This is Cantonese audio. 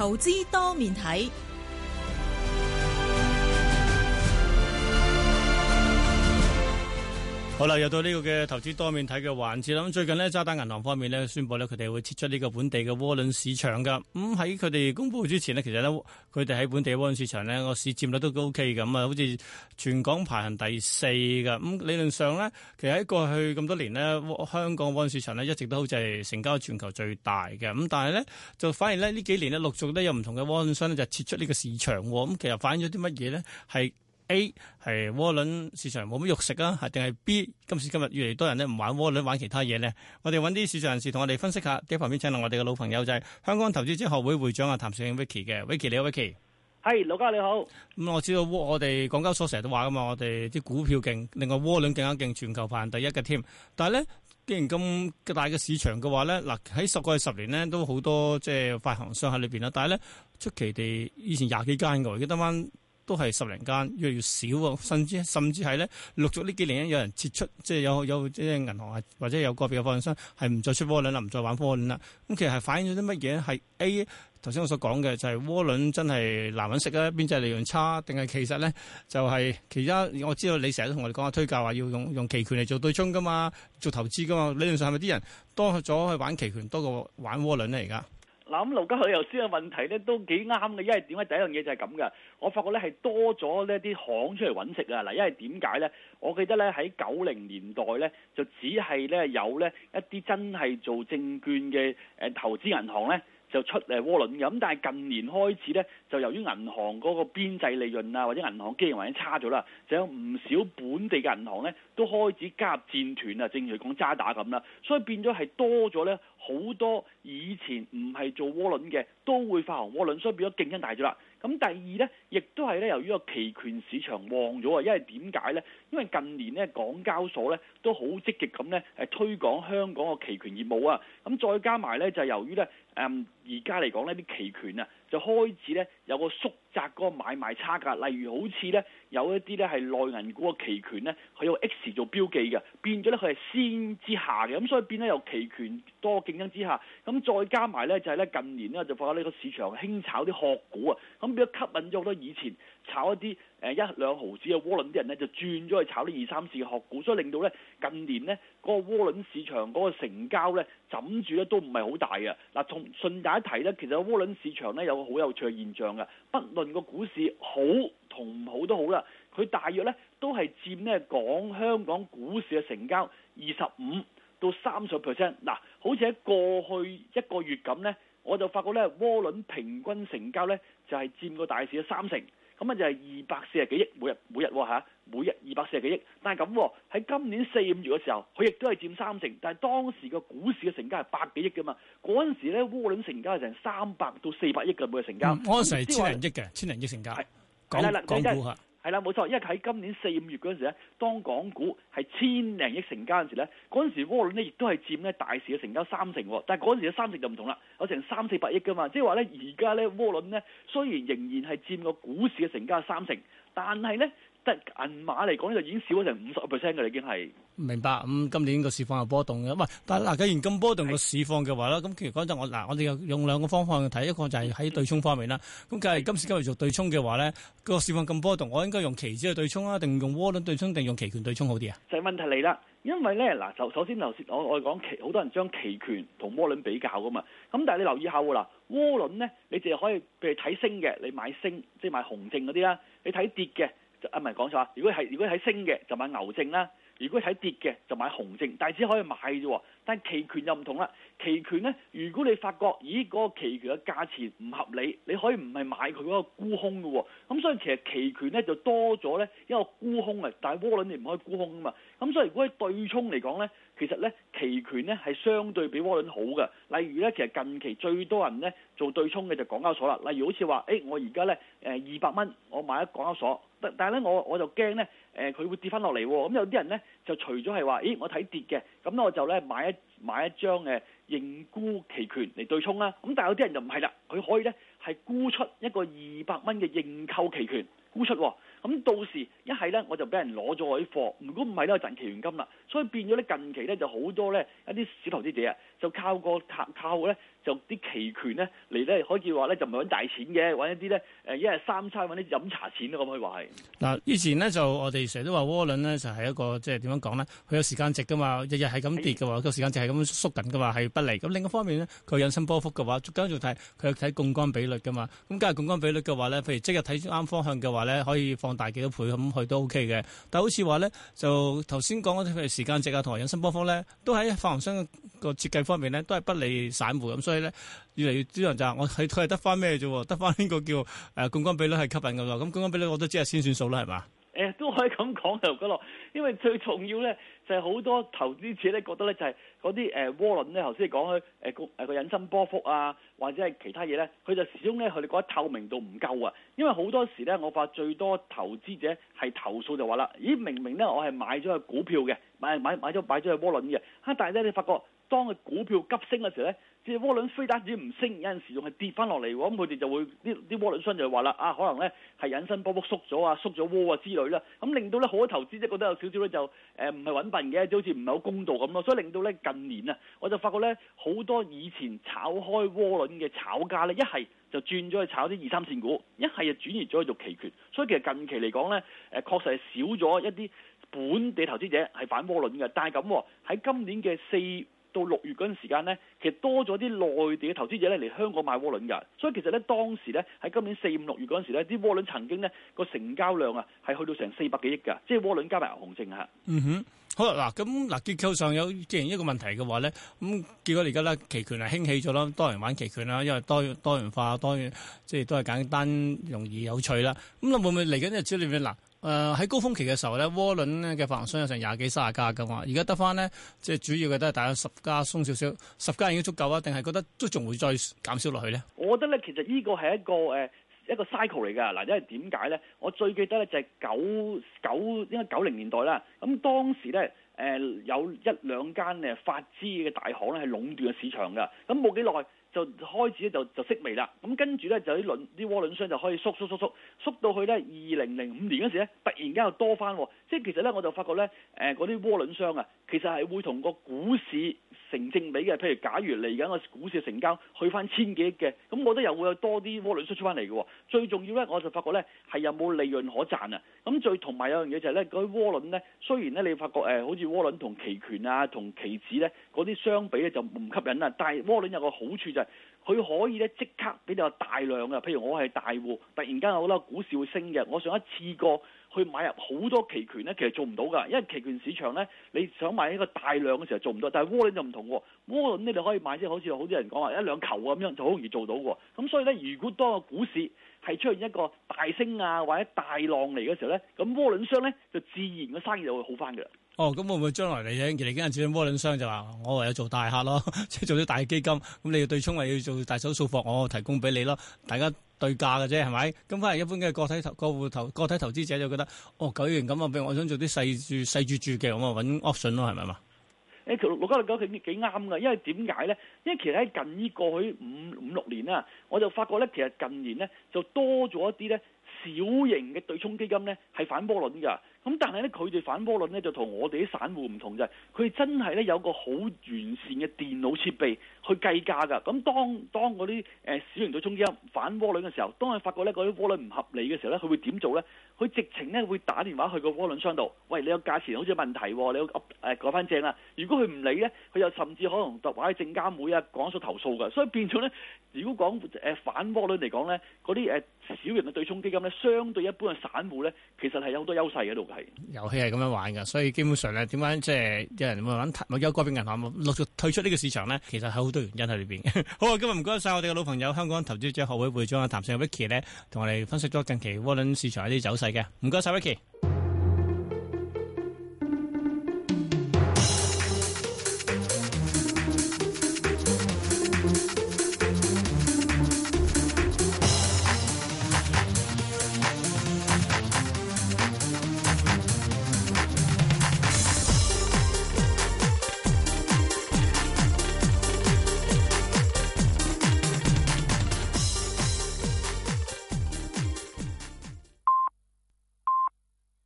投資多面睇。好啦，又到呢個嘅投資多面睇嘅環節啦。咁最近呢，渣打銀行方面呢，宣佈呢，佢哋會撤出呢個本地嘅窩輪市場噶。咁喺佢哋公布之前呢，其實呢，佢哋喺本地嘅窩輪市場呢，個市佔率都 O K 咁啊，好似全港排行第四噶。咁、嗯、理論上呢，其實喺過去咁多年呢，香港窩輪市場呢，一直都好似係成交全球最大嘅。咁、嗯、但係呢，就反而呢，呢幾年呢，陸續都有唔同嘅窩輪商呢，就撤出呢個市場。咁、嗯、其實反映咗啲乜嘢呢？係 A 係窩輪市場冇乜肉食啊，定係 B 今時今日越嚟多人咧唔玩窩輪，玩其他嘢咧。我哋揾啲市場人士同我哋分析一下。喺旁邊請嚟我哋嘅老朋友就係、是、香港投資者學會會長啊，譚紹興 Vicky 嘅。Vicky 你好，Vicky。係，盧家你好。咁我知道我哋港交所成日都話噶嘛，我哋啲股票勁，另外窩輪更加勁，全球排第一嘅添。但係咧，既然咁大嘅市場嘅話咧，嗱喺過去十年咧都好多即係發行商喺裏邊啦。但係咧出奇地，以前廿幾間嘅，而家得翻，都係十零間，越嚟越少喎。甚至甚至係咧，陸續呢幾年咧，有人撤出，即係有有即係銀行啊，或者有個別嘅發行商係唔再出窩輪啦，唔再玩窩輪啦。咁其實係反映咗啲乜嘢咧？係 A 頭先我所講嘅就係窩輪真係難揾食啊，邊際利潤差。定係其實咧就係、是、其他我知道你成日都同我哋講啊，推介話要用用期權嚟做對沖㗎嘛，做投資㗎嘛。理論上係咪啲人多咗去玩期權多過玩窩輪咧？而家？嗱咁，劉家駒又先嘅問題咧，都幾啱嘅。因為點解？第一樣嘢就係咁嘅，我發覺咧係多咗咧啲行出嚟揾食啊！嗱，因為點解咧？我記得咧喺九零年代咧，就只係咧有咧一啲真係做證券嘅誒投資銀行咧。就出嚟窩輪嘅，咁但係近年開始咧，就由於銀行嗰個邊際利潤啊，或者銀行經營環境差咗啦，就有唔少本地嘅銀行咧都開始加入戰團啊，正如講渣打咁啦，所以變咗係多咗咧好多以前唔係做窩輪嘅都會發行窩輪，所以變咗競爭大咗啦。咁第二咧，亦都係咧，由於個期權市場旺咗啊，因為點解咧？因為近年咧，港交所咧都好積極咁咧，誒推廣香港個期權業務啊，咁再加埋咧就由於咧，誒而家嚟講呢啲期權啊，就開始咧。有個縮窄嗰個買賣差價，例如好似咧有一啲咧係內銀股嘅期權咧，佢有 X 做標記嘅，變咗咧佢係先之下嘅，咁所以變咗有期權多競爭之下，咁再加埋咧就係咧近年咧就發覺呢個市場興炒啲殼股啊，咁變咗吸引咗好多以前炒一啲誒一兩毫子嘅窩輪啲人咧，就轉咗去炒呢二三字嘅殼股，所以令到咧近年咧嗰個窩輪市場嗰個成交咧枕住咧都唔係好大嘅。嗱，從順帶一提咧，其實窩輪市場咧有一個好有趣嘅現象。不論個股市好同唔好都好啦，佢大約咧都係佔呢港香港股市嘅成交二十五到三十 percent。嗱，好似喺過去一個月咁呢，我就發覺呢，窩輪平均成交呢就係佔個大市嘅三成。咁啊就係二百四廿幾億每日每日嚇，每日二百四廿幾億，但係咁喎，喺今年四五月嘅時候，佢亦都係佔三成，但係當時嘅股市嘅成交係百幾億㗎嘛，嗰陣時咧，窩輪成交係成三百到四百億嘅每日成交，嗯、嗰陣時係千零億嘅，外千零億成交，港港股嚇。係啦，冇錯，因為喺今年四五月嗰陣時咧，當港股係千零億成交嗰陣時咧，嗰陣時窩輪咧亦都係佔咧大市嘅成交三成。但係嗰陣時嘅三成就唔同啦，有成三四百億噶嘛。即係話咧，而家咧窩輪咧雖然仍然係佔個股市嘅成交三成，但係咧。即銀碼嚟講，就已經少咗成五十 percent 嘅。已經係明白咁、嗯，今年個市況有波動嘅。唔係，但係嗱，既然咁波動個市況嘅話啦，咁其實講真，我嗱，我哋又用兩個方法去睇，一個就係喺對沖方面啦。咁梗係今時今日做對沖嘅話咧，個是的 市況咁波動，我應該用期指去對沖啊，定用窩輪對沖，定用期權對沖好啲啊？就係問題嚟啦，因為咧嗱，就首先頭先我我講期，好多人將期權同窩輪比較噶嘛。咁但係你留意下喎嗱，窩輪咧，你淨係可以譬如睇升嘅，你買升，即係買紅證嗰啲啦；你睇跌嘅。啊，唔係講錯啊！如果係如果係升嘅就買牛證啦，如果係跌嘅就買熊證，但係只可以買啫喎。但係期權又唔同啦，期權咧，如果你發覺，咦嗰、嗰個期權嘅價錢唔合理，你可以唔係買佢嗰個沽空嘅喎、哦。咁所以其實期權咧就多咗咧一個沽空啊，但係窩輪你唔可以沽空㗎嘛。咁所以如果係對沖嚟講咧。其實咧，期權咧係相對比窩輪好嘅。例如咧，其實近期最多人咧做對沖嘅就港交所啦。例如好似話，誒、欸、我而家咧，誒二百蚊我買咗港交所，但但係咧我我就驚咧，誒、呃、佢會跌翻落嚟喎。咁、嗯、有啲人咧就除咗係話，誒、欸、我睇跌嘅，咁我就咧買一買一張誒認沽期權嚟對沖啦、啊。咁、嗯、但係有啲人就唔係啦，佢可以咧係沽出一個二百蚊嘅認購期權沽出喎、啊。咁到時一係咧，我就俾人攞咗我啲貨。如果唔係咧，就賺期權金啦。所以變咗咧，近期咧就好多咧一啲小投資者啊，就靠個拆購咧，就啲期權咧嚟咧，可以話咧就唔係揾大錢嘅，揾一啲咧誒一日三餐揾啲飲茶錢咯。咁可以話係嗱，以前咧就我哋成日都話窩輪咧就係一個即係點樣講咧，佢有時間值噶嘛，日日係咁跌嘅喎，個時間值係咁縮緊噶嘛係不利。咁另一方面咧，佢有引申波幅嘅話，咁樣仲睇佢睇槓桿比率嘅嘛。咁梗係槓桿比率嘅話咧，譬如即日睇啱方向嘅話咧，可以放，大幾多倍咁去都 O K 嘅。但係好似話咧，就頭先講嗰啲譬如時間值啊，同埋引申波幅咧，都喺發行商個設計方面咧都係不利散戶，咁，所以咧越嚟越多人就我佢佢係得翻咩啫？得翻呢個叫誒槓桿比率係吸引噶嘛。咁槓桿比率我都知啊，先算數啦，係嘛。誒都可以咁講就咁咯，因為最重要咧就係、是、好多投資者咧覺得咧就係嗰啲誒窩輪咧頭先講佢誒個誒個引申波幅啊，或者係其他嘢咧，佢就始終咧佢哋覺得透明度唔夠啊，因為好多時咧我發最多投資者係投訴就話啦，咦明明咧我係買咗佢股票嘅，買咗買咗個窩輪嘅，但係咧你發覺當佢股票急升嘅時候咧。即係窩輪非但唔升，有陣時仲係跌翻落嚟喎，咁佢哋就會啲啲窩輪商就話啦，啊可能咧係引申波幅縮咗啊，縮咗窩啊之類啦，咁、嗯、令到咧好多投資者覺得有少少咧就誒唔係穩笨嘅，就好似唔係好公道咁咯，所以令到咧近年啊，我就發覺咧好多以前炒開窩輪嘅炒家咧，一係就轉咗去炒啲二三線股，一係就轉移咗去做期權，所以其實近期嚟講咧，誒、呃、確實係少咗一啲本地投資者係反窩輪嘅，但係咁喎喺今年嘅四到六月嗰陣時間咧，其實多咗啲內地嘅投資者咧嚟香港買窩輪㗎，所以其實咧當時咧喺今年四五六月嗰陣時咧，啲窩輪曾經咧個成交量啊係去到成四百幾億㗎，即係窩輪加埋牛熊證啊。嗯哼，好啦嗱，咁嗱結構上有既然一個問題嘅話咧，咁結果而家咧，期權係興起咗啦，多人玩期權啦，因為多多元化、多元即係都係簡單、容易有趣啦。咁會唔會嚟緊日子裏面嗱？誒喺、呃、高峰期嘅時候咧，窩輪咧嘅發行商有成廿幾三十家嘅嘛，而家得翻咧，即係主要嘅都係大概十家鬆少少，十家已經足夠啊。定係覺得都仲會再減少落去咧？我覺得咧，其實呢個係一個誒、呃、一個 cycle 嚟㗎。嗱，因為點解咧？我最記得咧就係、是、九九應該九零年代啦。咁當時咧誒、呃、有一兩間誒法資嘅大行咧係壟斷咗市場㗎。咁冇幾耐。就開始咧就就息微啦，咁跟住咧就啲輪啲窩輪商就可以縮縮縮縮，縮到去咧二零零五年嗰時咧，突然間又多翻、哦，即係其實咧我就發覺咧，嗰啲窩輪商啊，其實係會同個股市成正比嘅，譬如假如嚟緊個股市成交去翻千幾億嘅，咁我覺得又會有多啲窩輪推出翻嚟嘅。最重要咧，我就發覺咧係有冇利潤可賺啊！咁最同埋有樣嘢就係咧，嗰啲窩輪咧，雖然咧你發覺、呃、好似窩輪同期權啊同期指咧嗰啲相比咧就唔吸引啦，但係窩輪有個好處就係。佢可以咧即刻畀你大量嘅，譬如我係大戶，突然間有好多股市會升嘅，我想一次過去買入好多期權咧，其實做唔到噶，因為期權市場咧，你想買一個大量嘅時候做唔到，但係窩輪就唔同喎，窩輪咧你可以買啲好似好啲人講話一兩球咁樣，就好容易做到喎，咁所以咧，如果當個股市係出現一個大升啊或者大浪嚟嘅時候咧，咁窩輪商咧就自然嘅生意就會好翻嘅。哦，咁會唔會將來嚟緊其嚟緊，有啲窩輪商就話：我唯有做大客咯，即係做啲大基金，咁你要對沖，咪要做大手數貨，我提供俾你咯。大家對價嘅啫，係咪？咁反而一般嘅個體投、個戶投、個體投資者就覺得：哦，假如咁啊，譬如我想做啲細住細注注嘅，我咪揾 option 咯，係咪啊？誒，六九家樂講幾啱嘅，因為點解咧？因為其實喺近依過去五五六年啦、啊，我就發覺咧，其實近年咧就多咗一啲咧小型嘅對沖基金咧係反窩輪嘅。咁但係咧，佢哋反窩輪咧就同我哋啲散戶唔同就係，佢真係咧有個好完善嘅電腦設備去計價㗎。咁當當嗰啲、呃、小型對沖基金反窩輪嘅時候，當佢發覺咧嗰啲窩輪唔合理嘅時候咧，佢會點做咧？佢直情咧會打電話去個窩輪商度，喂，你個價錢好似有問題喎、哦，你要噏改翻正啦。如果佢唔理咧，佢又甚至可能話喺證監會啊講訴投訴㗎。所以變咗咧，如果講誒、呃、反窩輪嚟講咧，嗰啲誒小型嘅對沖基金咧，相對一般嘅散戶咧，其實係有好多優勢喺度。係遊戲係咁樣玩噶，所以基本上咧，點解即係有人慢慢冇優歸俾銀行，陸續退出呢個市場咧？其實係好多原因喺裏邊。 好啊，今日唔該晒我哋嘅老朋友，香港投資者學會會長阿譚紹興 Vicky 咧，同我哋分析咗近期窩輪市場一啲走勢嘅。唔該晒 Vicky。